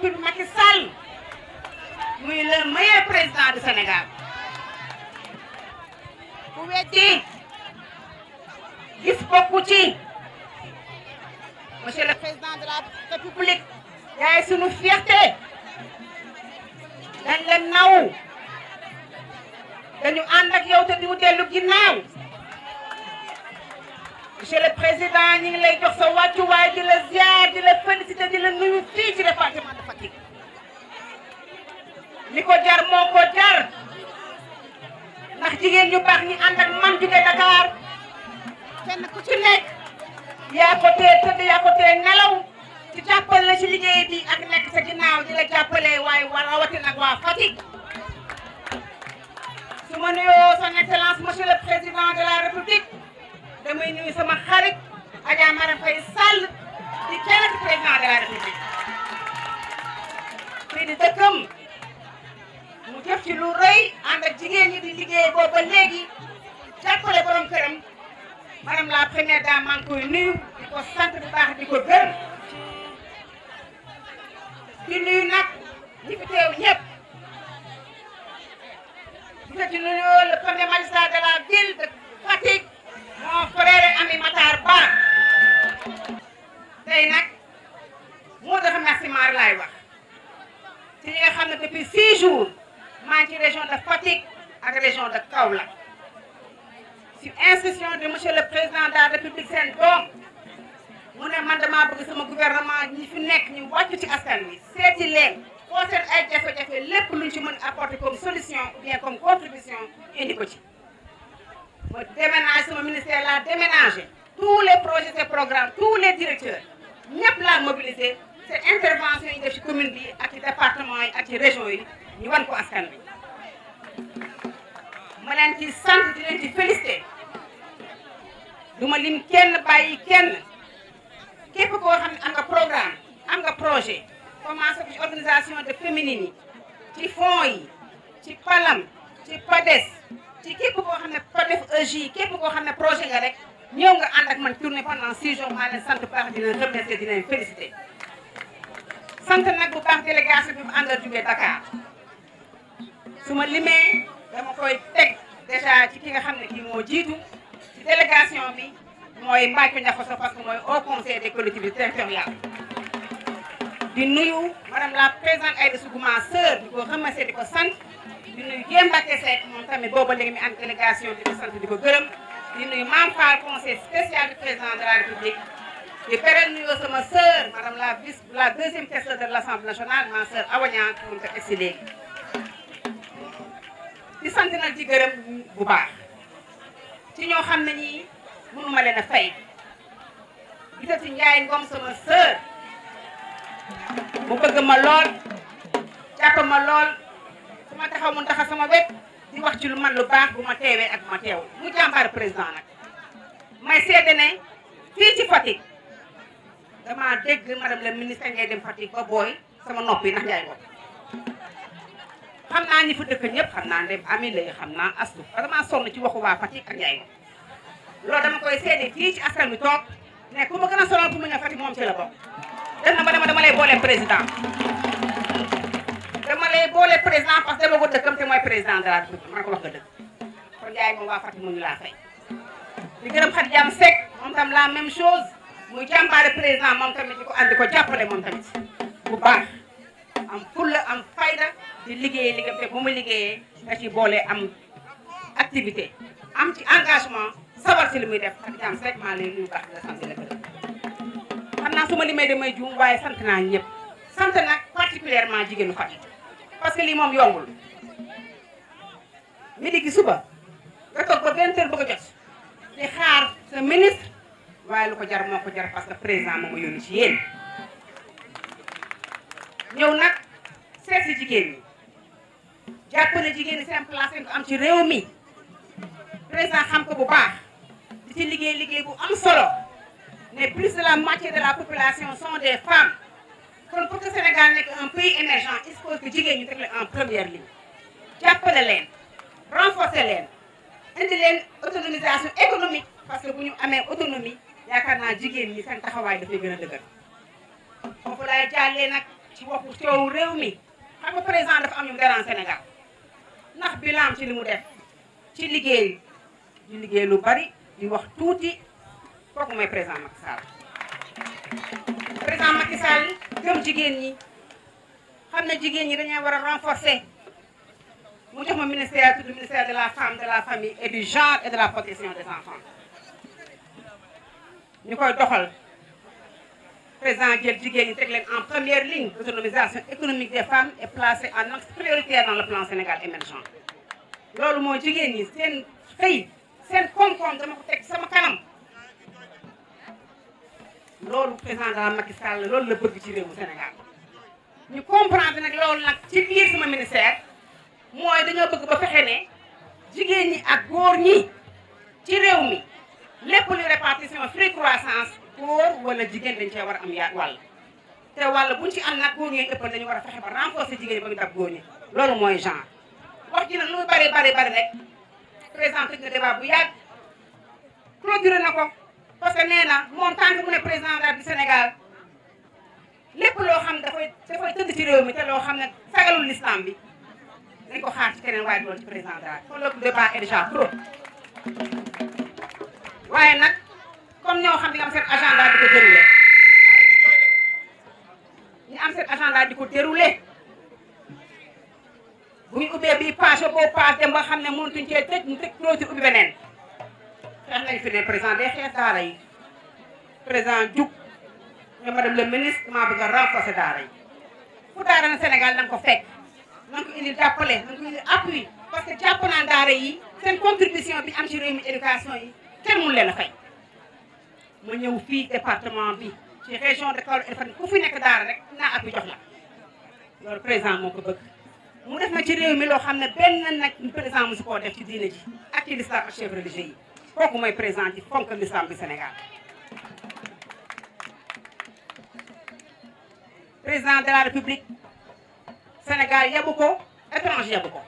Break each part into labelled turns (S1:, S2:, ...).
S1: tudd Macky Sall muy le meilleur président du Sénégal ku wetti gis bokku ci monsieur le président de la république yaay sunu fierté dañ la naw dañu ànd ak yow te di mu dellu ginnaaw monsieur le président ñu ngi lay jox sa wàccuwaay di la ziar di la félicité di la nuyu fii ci département de Fatick li ko jar moo ko jar ndax jigéen ñu baax ñi ànd ak man jóge Dakar kenn ku ci nekk yaa ko tee tëdd yaa ko tee nelaw ci jàppale la ci liggéey bi ak nekk sa ginnaaw di la jàppale waaye rawatina ak waa Fatick su ma nuyoo son excellence monsieur le président de la république damay nuyu sama xarit Adja Mara Faye Sall di keneen président de la République fii di dëkkam mu jëf ci lu rëy ànd ak jigéen ñi di boobu ba léegi jàppale borom këram madame la première dame maa ngi koy di ko sant bu baax di ko gër di nuyu nag ñi fi teew ñëpp di ko ci nuyu le premier magistrat de la ville de Fatick mon collègue Ami Matar Ba tey nag moo dafa merci maar laay wax ci ñi nga xam ne depuis six jours maa ngi ci région de Fatick ak région de Kaolack sur instruction de monsieur le président de république seen doom mu ne man damaa bëgg sama gouvernement ñi fi nekk ñu wàcc ci askan wi seeti leen koo seet ay jafe-jafe lépp luñ ci mën apporter comme solution ou contribution indi ko ci ma déménage sama laa déménagé tous les projets et programmes tous les directeurs ñëpp laa mobilisé seen intervention yi def ci commune bi ak ci département yi ak ci région yi ñu wan ko askan bi ma ci sant di leen ci félicité du ma lim kenn bàyyi kenn képp koo xam ne am nga programme am projet commencé ko organisation de féminine yi ci fonds yi palam ci PADES ci képp koo xam ne ko def EJ koo xam ne projet nga rek ñëw nga ànd ak man tournée pendant six jours maa leen sant bu baax di leen remercier di leen sant nag bu baax délégation bi mu a jugee Dakar su ma limee dama koy teg déjà ci ki nga xam ne kii moo jiitu ci délégation bi mooy Mbacke Ndiakhoso parce que mooy au conseil des collectivités territoriales. di nuyu madame la présidente Aïda Sougou ma sœur di ko remercier di ko sant. di nuyu Guèye Mbacke Seck moom tamit booba léegi mi am délégation di ko di ko gërëm di nuyu Mame Fall conseil spécial du président de la République di beral nuyoo sama sœur madame la vice la deuxième teste de l'Assemblée nationale ma sœur Awa Niang moom tamit léegi di sant nag di gërëm bu baax ci ñoo xam ne ñii mënuma leen a fay gisati Ndiaye Ngom sama sœur mu bëgg ma lool jàpp ma lool ma taxaw mu taxaw sama wet di wax ci lu man lu baax bu ma teewee ak bu ma teew mu jàmbaar président nag ma seede ne fii ci Fatick dama dégg madame la ministre ngay dem Fatick ba booy sama noppi ndax njaay bopp xam naa ñi fa dëkk ñëpp xam naa ndem ami lay xam naa astu dama sonn ci waxu waa Fatick ak njaay bopp loolu dama koy seede fii ci askan bi toog ne ku ma gën a sonal ku mu nga Fatick moom ci la bokk def na ba dama dama lay booleem président dama lay boole président parce que dama ko dëkkam te mooy président de la République man ko wax nga dëgg kon yaay moom waa Fatick mu ñu laa fay. di gërëm xat jàmm Seck moom tam la même chose muy jàmbaare président moom tamit di ko andi ko jàppale moom tamit bu baax am fulla am fayda di liggéeye liggéeyam te bu mu liggéeyee na ci boole am activité am ci engagement sawar si li muy def xat jàmm Seck su ma limee damay juum waaye sant naa ñëpp sant nag particulièrement jigéenu Fatick parce que lii moom yombul midi gi suba nga toog ba vingt heures bëgg a jot di xaar sa ministre waaye lu ko jar moo ko jar parce que président moom a yónni ci ñëw nag seet si jigéen ñi jàpp jigéen ñi seen place seen am ci réew mi président xam ko bu baax di ci liggéey liggéey bu am solo mais plus de la moitié de la population sont des femmes Sénégal nekk un pays émergent il faut que jigéen ñi teg leen en première ligne jàppale leen renforcer autonomisation économique parce que bu ñu amee autonomie yaakaar naa jigéen ñi seen taxawaay dafay gën a dëgër. foofu laay jàllee nag ci waxu coow réew mi xam nga président dafa am ñu garant Sénégal ndax bilan ci li mu def ci liggéey di liggéey lu bari di wax tuuti kooku mooy président Macky Sall président Macky Sall gëm jigéen ñi xam ne jigéen ñi dañoo war a renforcer mu jox ma ministère tudd ministère de la femme de la famille et du genre et de la protection des enfants ñu koy doxal président jël jigéen ñi teg leen en première ligne l'autonomisation économique des femmes est placée en axe prioritaire dans le plan Sénégal émergent loolu moo jigéen ñi seen xëy seen koom-koom dama ko sama kanam loolu président de la Macky Sall loolu la bëgg ci réewu Sénégal ñu comprendre nag loolu nag ci biir ma ministère mooy dañoo bëgg ba fexe ne jigéen ñi ak góor ñi ci réew mi lépp lu répartition free croissance góor wala jigéen dañ cee war a am yaa wàll te wàll bu ci am nag góor ngeen ëppal dañu war a fexe ba renforcer jigéen ñi ba ñu dab góor ñi loolu mooy genre wax ji nag lu muy bari bari bari rek président tëj na débat bu yàgg clôturé na ko parce que nee na moom tànk mu ne président de du Sénégal lépp loo xam dafay dafay tëdd ci réew mi te loo xam ne sagalul l'islam bi dañ ko xaar ci keneen waaye doon ci président daal kon le débat est déjà trop waaye nag comme ñoo xam ne nga am seen agenda di ko déroulé ñu ko déroulé bu ñu ubbee bii paase boo paase xam ne mënatuñ cee tëj ñu tëj doo ci ubbi beneen xeex nañ fi ne président day xeex daara yi président que madame le ministre maa bëgg a renforcer daara yi fu daara na Sénégal na ko fekk na nga ko indi jàppale na nga ko indi appui parce que jàpp naa daara yi seen contribution bi am ci réew mi éducation yi kenn mënu leen a fay ma ñëw fii département bi ci région de Kaolack et Fatick ku fi nekk daara rek naa appui jox la loolu président moo ko bëgg mu def na ci réew mi loo xam ne benn nag président mosu koo def ci diine ji ak ci l'islam ak chef religieux yi kooku mooy président ji fonk l'islam bi Sénégal président de la république Sénégal yebu ko étranger yebu ko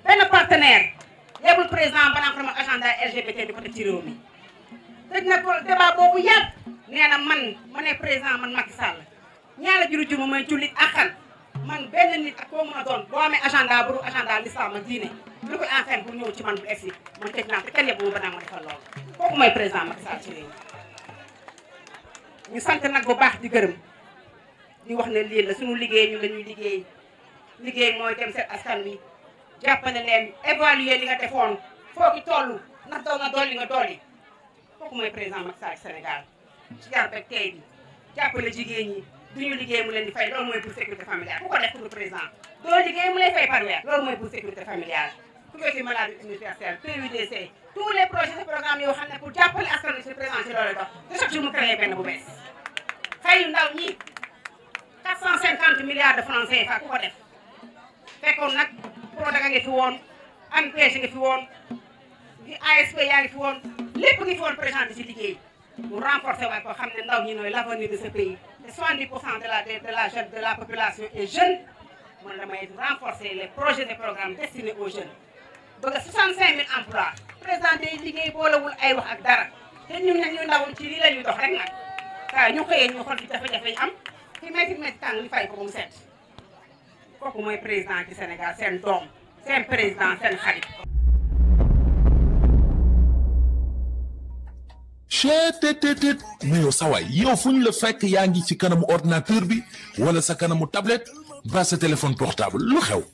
S1: benn partenaire yebul président banaa ko dama agenda LGBT di ko def ci réew mi tëj na ko débat boobu yàgg nee na man mane président man Macky Sall ñaara juru juma may jullit akkan man benn nit ak koo mën a doon boo amee agenda bu dul agenda l'islam ak diine lu koy enferme pour ñëw ci man bu egsi man tëj naa te kenn yebu ma banaa ma defal loolu kooku mooy président Macky Sall ci réew sant nag bu baax di gërëm di wax ne lii la suñu liggéey ñu lañuy liggéey liggéey mooy dem seet askan wi jàppale leen évaluer li nga defoon foo i toll ndax doon na dolli nga dolli kooku mooy président Macky Sall Sénégal ci yar beeg tey bi jàppale jigéen ñi du ñu liggéey mu leen di fay loolu mooy pour sécurité familiale ku ko def pour le président doo liggéey mu lay fay par weer loolu mooy pour sécurité familiale pour jàppale askan wi si président loolu dox te jour quatre cent cinquante milliards de francs CFA ku def fekkoon nag Prodac a ngi fi woon ANPEJ ngi fi woon di ASP yaa ngi fi woon lépp ngi fi woon présenté ci liggéey mu renforcer waat ko xam ne ndaw ñi nooy l'avenir de ce pays te 70 pour cent de la de population est jeune mu ne damay renforcer les projets de programme destinés aux jeunes bëgg a 65 000 emplois président day liggéey boolewul ay wax ak dara te ñun nag ñu ndaw ci lii la ñuy dox rek nag waaw ñu xëyee ñu xool ci jafe am ki métti métti tàng ñu fay ko ba mu set kooku mooy président ci Sénégal seen doom seen président seen xarit. chetetetet mais yow sa waay yow fu ñu la fekk yaa ngi ci kanamu ordinateur bi wala sa kanamu tablette ba sa téléphone portable lu xew.